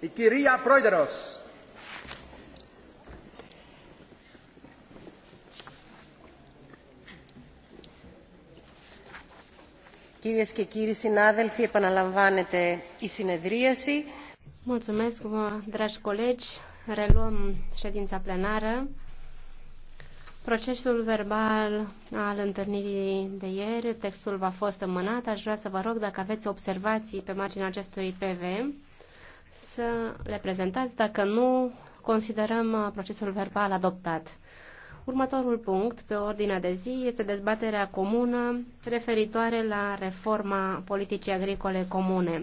Η κυρία Πρόεδρος. Κυρίες και κύριοι συνάδελφοι, επαναλαμβάνεται η συνεδρίαση. Mulțumesc, dragi colegi. Reluăm ședința plenară. Procesul verbal al întâlnirii de ieri, textul va fost înmânat. Aș vrea să vă rog, dacă aveți observații pe marginea acestui PV, să le prezentați. Dacă nu, considerăm procesul verbal adoptat. Următorul punct pe ordinea de zi este dezbaterea comună referitoare la reforma politicii agricole comune.